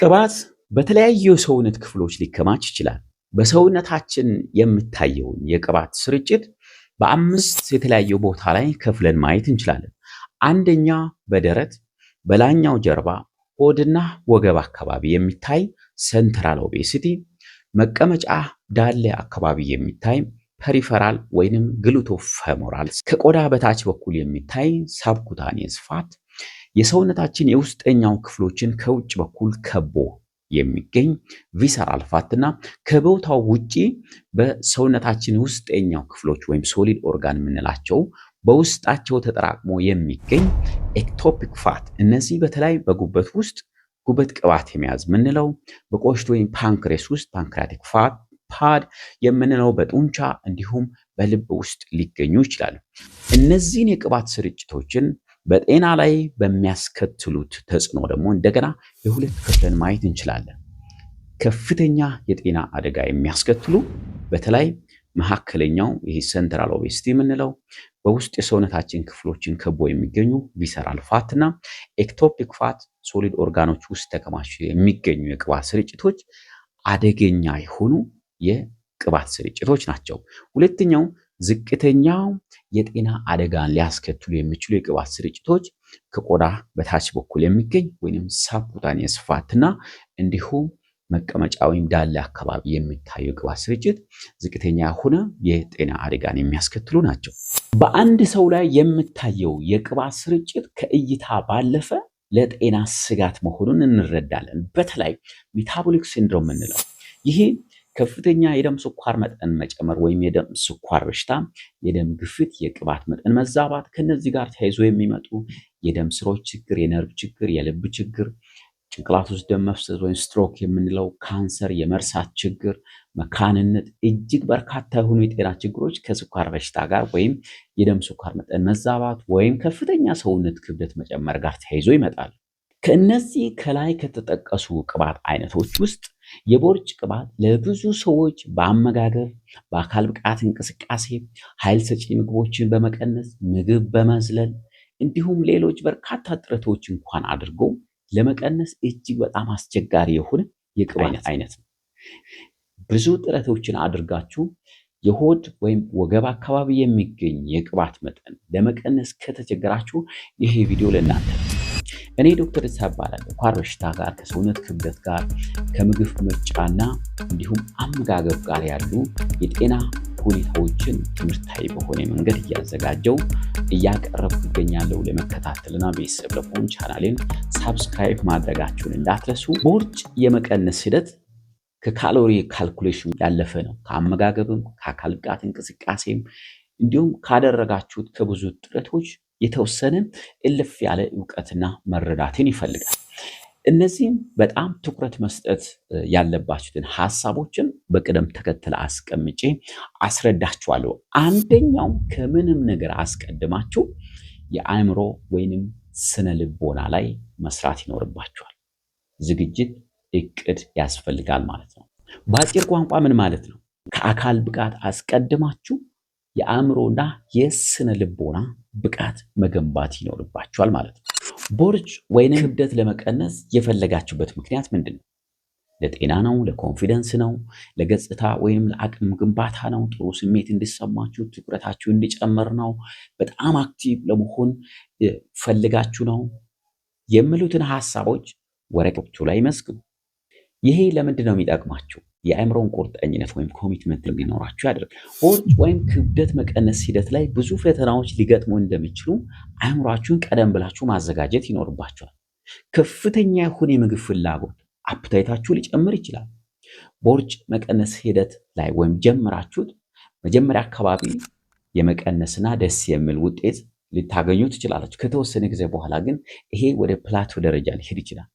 ቅባት በተለያዩ የሰውነት ክፍሎች ሊከማች ይችላል። በሰውነታችን የምታየውን የቅባት ስርጭት በአምስት የተለያዩ ቦታ ላይ ከፍለን ማየት እንችላለን። አንደኛ በደረት በላይኛው ጀርባ፣ ሆድና ወገብ አካባቢ የሚታይ ሰንትራል ኦቤሲቲ፣ መቀመጫ ዳሌ አካባቢ የሚታይ ፐሪፈራል ወይንም ግሉቶፌሞራል፣ ከቆዳ በታች በኩል የሚታይ ሳብኩታኔስ ፋት የሰውነታችን የውስጠኛው ክፍሎችን ከውጭ በኩል ከቦ የሚገኝ ቪሰራል ፋት እና ከቦታው ውጪ በሰውነታችን ውስጠኛው ክፍሎች ወይም ሶሊድ ኦርጋን የምንላቸው በውስጣቸው ተጠራቅሞ የሚገኝ ኤክቶፒክ ፋት። እነዚህ በተለይ በጉበት ውስጥ ጉበት ቅባት የመያዝ የምንለው፣ በቆሽት ወይም ፓንክሬስ ውስጥ ፓንክሪያቲክ ፋት ፓድ የምንለው፣ በጡንቻ እንዲሁም በልብ ውስጥ ሊገኙ ይችላሉ። እነዚህን የቅባት ስርጭቶችን በጤና ላይ በሚያስከትሉት ተጽዕኖ ደግሞ እንደገና የሁለት ከፍለን ማየት እንችላለን። ከፍተኛ የጤና አደጋ የሚያስከትሉ በተለይ መካከለኛው ይህ ሰንትራል ኦቤሲቲ የምንለው በውስጥ የሰውነታችን ክፍሎችን ከቦ የሚገኙ ቪሰራል ፋት እና ኤክቶፒክ ፋት ሶሊድ ኦርጋኖች ውስጥ ተከማችተው የሚገኙ የቅባት ስርጭቶች አደገኛ የሆኑ የቅባት ስርጭቶች ናቸው። ሁለተኛው ዝቅተኛው የጤና አደጋን ሊያስከትሉ የሚችሉ የቅባት ስርጭቶች ከቆዳ በታች በኩል የሚገኝ ወይም ሳብኩታኒየስ ፋትና እንዲሁም መቀመጫ ወይም ዳሌ አካባቢ የሚታየው ቅባት ስርጭት ዝቅተኛ የሆነ የጤና አደጋን የሚያስከትሉ ናቸው። በአንድ ሰው ላይ የምታየው የቅባት ስርጭት ከእይታ ባለፈ ለጤና ስጋት መሆኑን እንረዳለን። በተለይ ሜታቦሊክ ሲንድሮም የምንለው ይሄ ከፍተኛ የደም ስኳር መጠን መጨመር ወይም የደም ስኳር በሽታ፣ የደም ግፊት፣ የቅባት መጠን መዛባት፣ ከነዚህ ጋር ተያይዞ የሚመጡ የደም ስሮች ችግር፣ የነርቭ ችግር፣ የልብ ችግር፣ ጭንቅላት ውስጥ ደም መፍሰስ ወይም ስትሮክ የምንለው፣ ካንሰር፣ የመርሳት ችግር፣ መካንነት፣ እጅግ በርካታ የሆኑ የጤና ችግሮች ከስኳር በሽታ ጋር ወይም የደም ስኳር መጠን መዛባት ወይም ከፍተኛ ሰውነት ክብደት መጨመር ጋር ተያይዞ ይመጣል። ከእነዚህ ከላይ ከተጠቀሱ ቅባት አይነቶች ውስጥ የቦርጭ ቅባት ለብዙ ሰዎች በአመጋገብ በአካል ብቃት እንቅስቃሴ፣ ኃይል ሰጪ ምግቦችን በመቀነስ ምግብ በመዝለል እንዲሁም ሌሎች በርካታ ጥረቶች እንኳን አድርጎ ለመቀነስ እጅግ በጣም አስቸጋሪ የሆነ የቅባት አይነት ነው። ብዙ ጥረቶችን አድርጋችሁ የሆድ ወይም ወገብ አካባቢ የሚገኝ የቅባት መጠን ለመቀነስ ከተቸገራችሁ ይሄ ቪዲዮ ለእናንተ ነው። እኔ ዶክተር እሳ እባላለሁ። ኳር በሽታ ጋር ከሰውነት ክብደት ጋር ከምግብ ምርጫና እንዲሁም አመጋገብ ጋር ያሉ የጤና ሁኔታዎችን ትምህርታዊ በሆነ መንገድ እያዘጋጀው እያቀረብኩ እገኛለሁ። ለመከታተልና ቤተሰብ ለመሆን ቻናሌን ሳብስክራይብ ማድረጋችሁን እንዳትረሱ። ቦርጭ የመቀነስ ሂደት ከካሎሪ ካልኩሌሽን ያለፈ ነው። ከአመጋገብም ከአካል ብቃት እንቅስቃሴም እንዲሁም ካደረጋችሁት ከብዙ ጥረቶች የተወሰነ እልፍ ያለ እውቀትና መረዳትን ይፈልጋል። እነዚህም በጣም ትኩረት መስጠት ያለባችሁትን ሀሳቦችን በቅደም ተከተል አስቀምጬ አስረዳችኋለሁ። አንደኛው ከምንም ነገር አስቀድማችሁ የአእምሮ ወይንም ስነ ልቦና ላይ መስራት ይኖርባችኋል። ዝግጅት፣ እቅድ ያስፈልጋል ማለት ነው። በአጭር ቋንቋ ምን ማለት ነው? ከአካል ብቃት አስቀድማችሁ የአእምሮና የስነ ልቦና ብቃት መገንባት ይኖርባቸዋል ማለት ነው። ቦርጭ ወይንም ክብደት ለመቀነስ የፈለጋችሁበት ምክንያት ምንድን ነው? ለጤና ነው? ለኮንፊደንስ ነው? ለገጽታ ወይም ለአቅም ግንባታ ነው? ጥሩ ስሜት እንዲሰማችሁ፣ ትኩረታችሁ እንዲጨምር ነው? በጣም አክቲቭ ለመሆን ፈልጋችሁ ነው? የሚሉትን ሀሳቦች ወረቀቶቹ ላይ መስግቡ። ይሄ ለምንድን ነው የሚጠቅማችሁ? የአእምሮን ቁርጠኝነት ወይም ኮሚትመንት እንዲኖራችሁ ያደርጋል። ቦርጭ ወይም ክብደት መቀነስ ሂደት ላይ ብዙ ፈተናዎች ሊገጥሙ እንደሚችሉ አእምሯችሁን ቀደም ብላችሁ ማዘጋጀት ይኖርባችኋል። ከፍተኛ የሆነ የምግብ ፍላጎት አፕታይታችሁ ሊጨምር ይችላል። ቦርጭ መቀነስ ሂደት ላይ ወይም ጀምራችሁት መጀመሪያ አካባቢ የመቀነስና ደስ የሚል ውጤት ልታገኙ ትችላላችሁ። ከተወሰነ ጊዜ በኋላ ግን ይሄ ወደ ፕላቶ ደረጃ ሊሄድ ይችላል።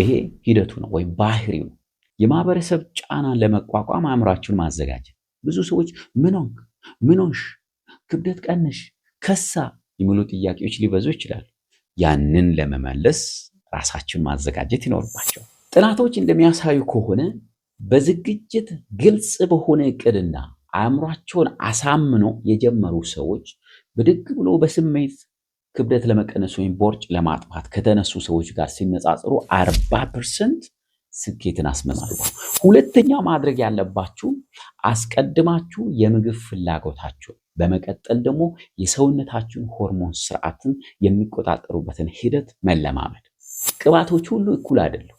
ይሄ ሂደቱ ነው ወይም ባህሪው ነው። የማህበረሰብ ጫና ለመቋቋም አእምሯችሁን ማዘጋጀት። ብዙ ሰዎች ምኖንክ፣ ምኖሽ፣ ክብደት ቀንሽ፣ ከሳ የሚሉ ጥያቄዎች ሊበዙ ይችላሉ። ያንን ለመመለስ ራሳችሁን ማዘጋጀት ይኖርባቸዋል። ጥናቶች እንደሚያሳዩ ከሆነ በዝግጅት ግልጽ በሆነ እቅድና አእምሯቸውን አሳምኖ የጀመሩ ሰዎች ብድግ ብሎ በስሜት ክብደት ለመቀነስ ወይም ቦርጭ ለማጥፋት ከተነሱ ሰዎች ጋር ሲነጻጽሩ አርባ ፐርሰንት ስኬትን አስመዘግቡ። ሁለተኛው ማድረግ ያለባችሁ አስቀድማችሁ የምግብ ፍላጎታችሁ በመቀጠል ደግሞ የሰውነታችሁን ሆርሞን ስርዓትን የሚቆጣጠሩበትን ሂደት መለማመድ። ቅባቶች ሁሉ እኩል አይደሉም።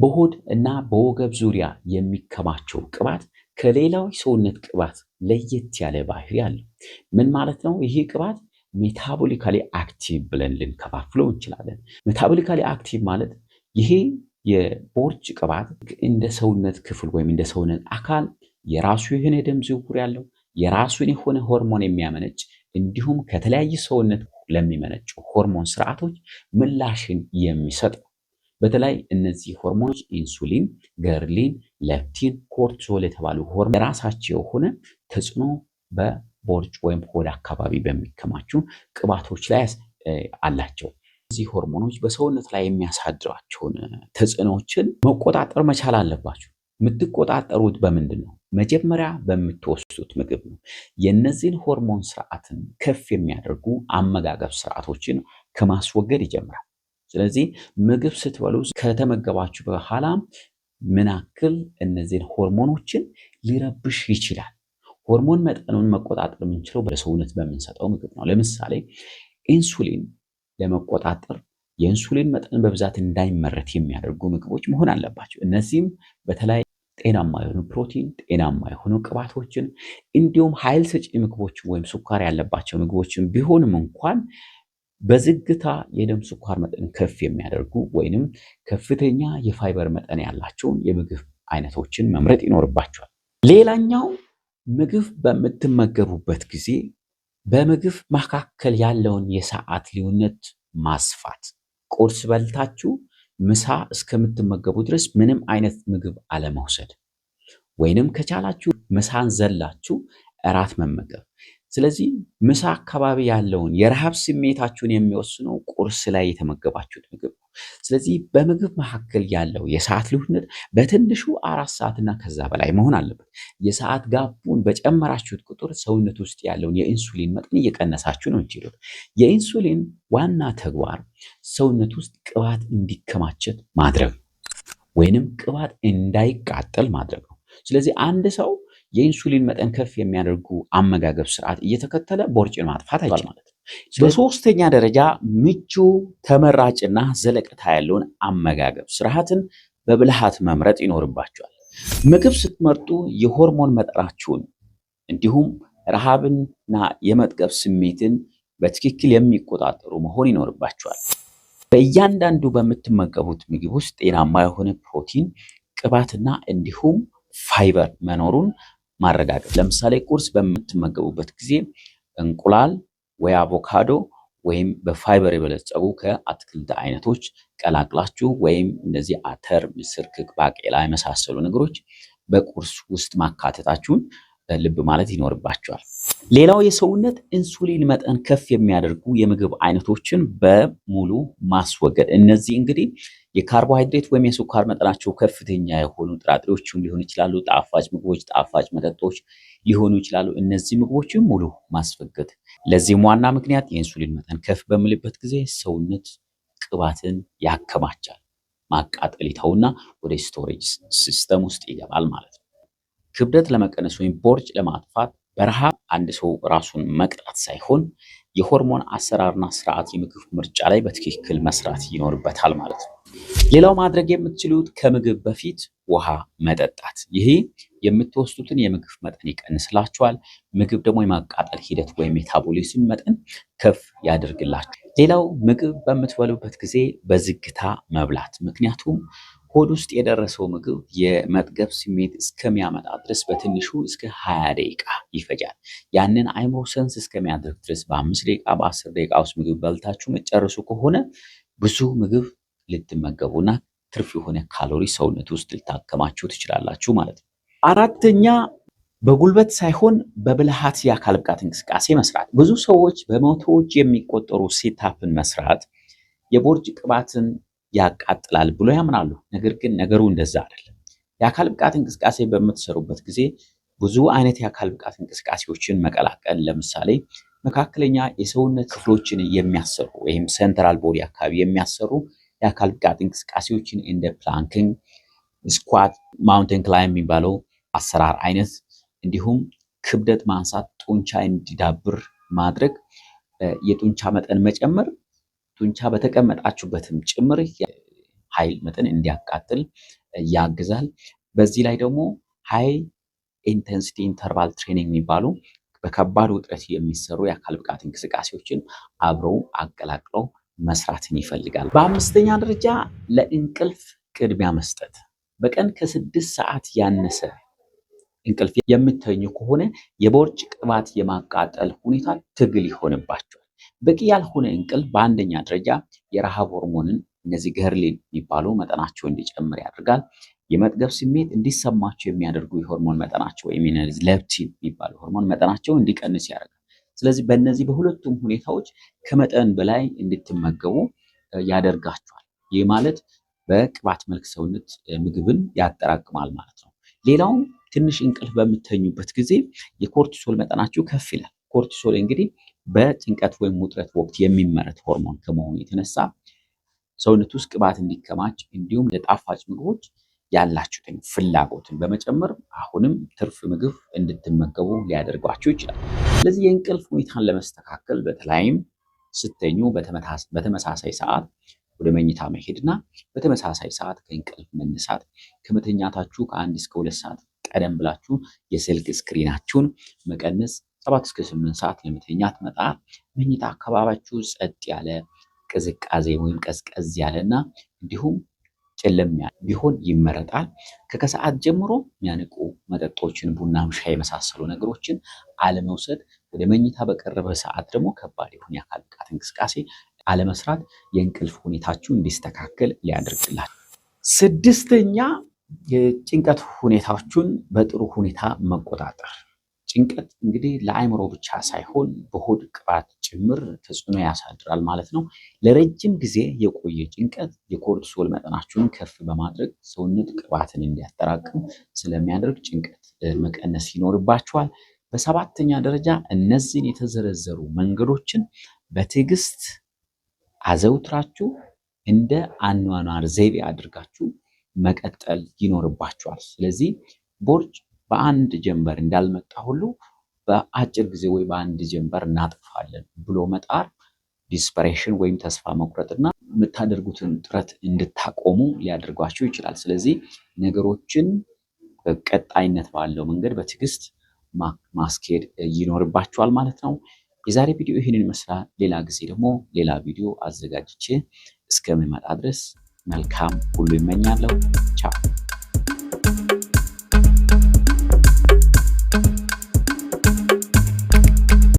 በሆድ እና በወገብ ዙሪያ የሚከማቸው ቅባት ከሌላው ሰውነት ቅባት ለየት ያለ ባህሪ አለው። ምን ማለት ነው? ይህ ቅባት ሜታቦሊካሊ አክቲቭ ብለን ልንከፋፍለው እንችላለን። ሜታቦሊካሊ አክቲቭ ማለት ይሄ የቦርጭ ቅባት እንደ ሰውነት ክፍል ወይም እንደ ሰውነት አካል የራሱ የሆነ የደም ዝውውር ያለው የራሱን የሆነ ሆርሞን የሚያመነጭ እንዲሁም ከተለያየ ሰውነት ለሚመነጩ ሆርሞን ስርዓቶች ምላሽን የሚሰጥ በተለይ እነዚህ ሆርሞኖች ኢንሱሊን፣ ገርሊን፣ ሌፕቲን፣ ኮርቲዞል የተባሉ ሆርሞን የራሳቸው የሆነ ተጽዕኖ በቦርጭ ወይም ሆድ አካባቢ በሚከማቹ ቅባቶች ላይ አላቸው። እነዚህ ሆርሞኖች በሰውነት ላይ የሚያሳድሯቸውን ተጽዕኖዎችን መቆጣጠር መቻል አለባችሁ። የምትቆጣጠሩት በምንድን ነው? መጀመሪያ በምትወስዱት ምግብ ነው። የእነዚህን ሆርሞን ስርዓትን ከፍ የሚያደርጉ አመጋገብ ስርዓቶችን ከማስወገድ ይጀምራል። ስለዚህ ምግብ ስትበሉ ከተመገባችሁ በኋላ ምን ያክል እነዚህን ሆርሞኖችን ሊረብሽ ይችላል? ሆርሞን መጠኑን መቆጣጠር የምንችለው በሰውነት በምንሰጠው ምግብ ነው። ለምሳሌ ኢንሱሊን ለመቆጣጠር የኢንሱሊን መጠን በብዛት እንዳይመረት የሚያደርጉ ምግቦች መሆን አለባቸው። እነዚህም በተለይ ጤናማ የሆኑ ፕሮቲን፣ ጤናማ የሆኑ ቅባቶችን እንዲሁም ኃይል ሰጪ ምግቦችን ወይም ስኳር ያለባቸው ምግቦችን ቢሆንም እንኳን በዝግታ የደም ስኳር መጠን ከፍ የሚያደርጉ ወይንም ከፍተኛ የፋይበር መጠን ያላቸውን የምግብ አይነቶችን መምረጥ ይኖርባቸዋል። ሌላኛው ምግብ በምትመገቡበት ጊዜ በምግብ መካከል ያለውን የሰዓት ልዩነት ማስፋት። ቁርስ በልታችሁ ምሳ እስከምትመገቡ ድረስ ምንም አይነት ምግብ አለመውሰድ፣ ወይንም ከቻላችሁ ምሳን ዘላችሁ እራት መመገብ ስለዚህ ምሳ አካባቢ ያለውን የረሃብ ስሜታችሁን የሚወስነው ቁርስ ላይ የተመገባችሁት ምግብ ነው። ስለዚህ በምግብ መካከል ያለው የሰዓት ልዩነት በትንሹ አራት ሰዓትና ከዛ በላይ መሆን አለበት። የሰዓት ጋቡን በጨመራችሁት ቁጥር ሰውነት ውስጥ ያለውን የኢንሱሊን መጠን እየቀነሳችሁ ነው እንችሉት። የኢንሱሊን ዋና ተግባር ሰውነት ውስጥ ቅባት እንዲከማቸት ማድረግ ወይንም ቅባት እንዳይቃጠል ማድረግ ነው። ስለዚህ አንድ ሰው የኢንሱሊን መጠን ከፍ የሚያደርጉ አመጋገብ ስርዓት እየተከተለ ቦርጭን ማጥፋት አይችል ማለት ነው። በሶስተኛ ደረጃ ምቹ ተመራጭና ዘለቀታ ያለውን አመጋገብ ስርዓትን በብልሃት መምረጥ ይኖርባቸዋል። ምግብ ስትመርጡ የሆርሞን መጠናችሁን እንዲሁም ረሃብንና የመጥገብ ስሜትን በትክክል የሚቆጣጠሩ መሆን ይኖርባቸዋል። በእያንዳንዱ በምትመገቡት ምግብ ውስጥ ጤናማ የሆነ ፕሮቲን፣ ቅባትና እንዲሁም ፋይበር መኖሩን ማረጋገጥ። ለምሳሌ ቁርስ በምትመገቡበት ጊዜ እንቁላል ወይ አቮካዶ ወይም በፋይበር የበለጸጉ ከአትክልት አይነቶች ቀላቅላችሁ ወይም እነዚህ አተር፣ ምስር፣ ክክ፣ ባቄላ የመሳሰሉ ነገሮች በቁርስ ውስጥ ማካተታችሁን ልብ ማለት ይኖርባቸዋል። ሌላው የሰውነት ኢንሱሊን መጠን ከፍ የሚያደርጉ የምግብ አይነቶችን በሙሉ ማስወገድ። እነዚህ እንግዲህ የካርቦሃይድሬት ወይም የስኳር መጠናቸው ከፍተኛ የሆኑ ጥራጥሬዎችም ሊሆኑ ይችላሉ፣ ጣፋጭ ምግቦች፣ ጣፋጭ መጠጦች ሊሆኑ ይችላሉ። እነዚህ ምግቦችን ሙሉ ማስወገድ። ለዚህም ዋና ምክንያት የኢንሱሊን መጠን ከፍ በሚልበት ጊዜ ሰውነት ቅባትን ያከማቻል፣ ማቃጠል ይተውና ወደ ስቶሬጅ ሲስተም ውስጥ ይገባል ማለት ነው። ክብደት ለመቀነስ ወይም ቦርጭ ለማጥፋት በረሃብ አንድ ሰው ራሱን መቅጣት ሳይሆን የሆርሞን አሰራርና ስርዓት የምግብ ምርጫ ላይ በትክክል መስራት ይኖርበታል ማለት ነው። ሌላው ማድረግ የምትችሉት ከምግብ በፊት ውሃ መጠጣት። ይሄ የምትወስዱትን የምግብ መጠን ይቀንስላችኋል። ምግብ ደግሞ የማቃጠል ሂደት ወይም ሜታቦሊዝም መጠን ከፍ ያደርግላችኋል። ሌላው ምግብ በምትበሉበት ጊዜ በዝግታ መብላት፣ ምክንያቱም ሆድ ውስጥ የደረሰው ምግብ የመጥገብ ስሜት እስከሚያመጣ ድረስ በትንሹ እስከ 20 ደቂቃ ይፈጃል። ያንን አይምሮ ሰንስ እስከሚያደርግ ድረስ በአምስት ደቂቃ በአስር ደቂቃ ውስጥ ምግብ በልታችሁ መጨረሱ ከሆነ ብዙ ምግብ ልትመገቡና ትርፍ የሆነ ካሎሪ ሰውነት ውስጥ ልታከማችሁ ትችላላችሁ ማለት ነው። አራተኛ በጉልበት ሳይሆን በብልሃት የአካል ብቃት እንቅስቃሴ መስራት። ብዙ ሰዎች በመቶዎች የሚቆጠሩ ሴታፕን መስራት የቦርጭ ቅባትን ያቃጥላል ብሎ ያምናሉ። ነገር ግን ነገሩ እንደዛ አይደለም። የአካል ብቃት እንቅስቃሴ በምትሰሩበት ጊዜ ብዙ አይነት የአካል ብቃት እንቅስቃሴዎችን መቀላቀል፣ ለምሳሌ መካከለኛ የሰውነት ክፍሎችን የሚያሰሩ ወይም ሴንትራል ቦዲ አካባቢ የሚያሰሩ የአካል ብቃት እንቅስቃሴዎችን እንደ ፕላንክንግ፣ ስኳት፣ ማውንቴን ክላይም የሚባለው አሰራር አይነት እንዲሁም ክብደት ማንሳት፣ ጡንቻ እንዲዳብር ማድረግ፣ የጡንቻ መጠን መጨመር ጡንቻ በተቀመጣችሁበትም ጭምር ኃይል መጠን እንዲያቃጥል ያግዛል። በዚህ ላይ ደግሞ ሃይ ኢንተንሲቲ ኢንተርቫል ትሬኒንግ የሚባሉ በከባድ ውጥረት የሚሰሩ የአካል ብቃት እንቅስቃሴዎችን አብረው አቀላቅለው መስራትን ይፈልጋል። በአምስተኛ ደረጃ ለእንቅልፍ ቅድሚያ መስጠት። በቀን ከስድስት ሰዓት ያነሰ እንቅልፍ የምተኙ ከሆነ የቦርጭ ቅባት የማቃጠል ሁኔታ ትግል ይሆንባቸዋል። በቂ ያልሆነ እንቅልፍ በአንደኛ ደረጃ የረሃብ ሆርሞንን እነዚህ ገርሊን የሚባሉ መጠናቸው እንዲጨምር ያደርጋል። የመጥገብ ስሜት እንዲሰማቸው የሚያደርጉ የሆርሞን መጠናቸው ወይም ሌፕቲን የሚባሉ ሆርሞን መጠናቸው እንዲቀንስ ያደርጋል። ስለዚህ በእነዚህ በሁለቱም ሁኔታዎች ከመጠን በላይ እንድትመገቡ ያደርጋቸዋል። ይህ ማለት በቅባት መልክ ሰውነት ምግብን ያጠራቅማል ማለት ነው። ሌላውም ትንሽ እንቅልፍ በምተኙበት ጊዜ የኮርቲሶል መጠናቸው ከፍ ይላል። ኮርቲሶል እንግዲህ በጭንቀት ወይም ውጥረት ወቅት የሚመረት ሆርሞን ከመሆኑ የተነሳ ሰውነት ውስጥ ቅባት እንዲከማች እንዲሁም ለጣፋጭ ምግቦች ያላችሁትን ፍላጎትን በመጨመር አሁንም ትርፍ ምግብ እንድትመገቡ ሊያደርጓችሁ ይችላል። ስለዚህ የእንቅልፍ ሁኔታን ለመስተካከል በተለይም ስተኙ በተመሳሳይ ሰዓት ወደ መኝታ መሄድና በተመሳሳይ ሰዓት ከእንቅልፍ መነሳት ከመተኛታችሁ ከአንድ እስከ ሁለት ሰዓት ቀደም ብላችሁ የስልክ ስክሪናችሁን መቀነስ ሰባት እስከ ስምንት ሰዓት ለመተኛት መጣ። መኝታ አካባቢያችሁ ጸጥ ያለ ቅዝቃዜ ወይም ቀዝቀዝ ያለና እንዲሁም ጨለም ያለ ቢሆን ይመረጣል። ከከሰዓት ጀምሮ የሚያንቁ መጠጦችን ቡናም፣ ሻይ የመሳሰሉ ነገሮችን አለመውሰድ፣ ወደ መኝታ በቀረበ ሰዓት ደግሞ ከባድ የሆነ የአካል ብቃት እንቅስቃሴ አለመስራት የእንቅልፍ ሁኔታችሁ እንዲስተካከል ሊያደርግላችሁ። ስድስተኛ የጭንቀት ሁኔታዎቹን በጥሩ ሁኔታ መቆጣጠር ጭንቀት እንግዲህ ለአእምሮ ብቻ ሳይሆን በሆድ ቅባት ጭምር ተጽዕኖ ያሳድራል ማለት ነው። ለረጅም ጊዜ የቆየ ጭንቀት የኮርቲሶል መጠናችሁን ከፍ በማድረግ ሰውነት ቅባትን እንዲያጠራቅም ስለሚያደርግ ጭንቀት መቀነስ ይኖርባችኋል። በሰባተኛ ደረጃ እነዚህን የተዘረዘሩ መንገዶችን በትዕግስት አዘውትራችሁ እንደ አኗኗር ዘይቤ አድርጋችሁ መቀጠል ይኖርባችኋል። ስለዚህ ቦርጭ በአንድ ጀንበር እንዳልመጣ ሁሉ በአጭር ጊዜ ወይ በአንድ ጀንበር እናጥፋለን ብሎ መጣር ዲስፐሬሽን ወይም ተስፋ መቁረጥና የምታደርጉትን ጥረት እንድታቆሙ ሊያደርጓቸው ይችላል። ስለዚህ ነገሮችን በቀጣይነት ባለው መንገድ በትዕግስት ማስኬድ ይኖርባቸዋል ማለት ነው። የዛሬ ቪዲዮ ይህንን ይመስላል። ሌላ ጊዜ ደግሞ ሌላ ቪዲዮ አዘጋጅቼ እስከምመጣ ድረስ መልካም ሁሉ ይመኛለሁ። ቻው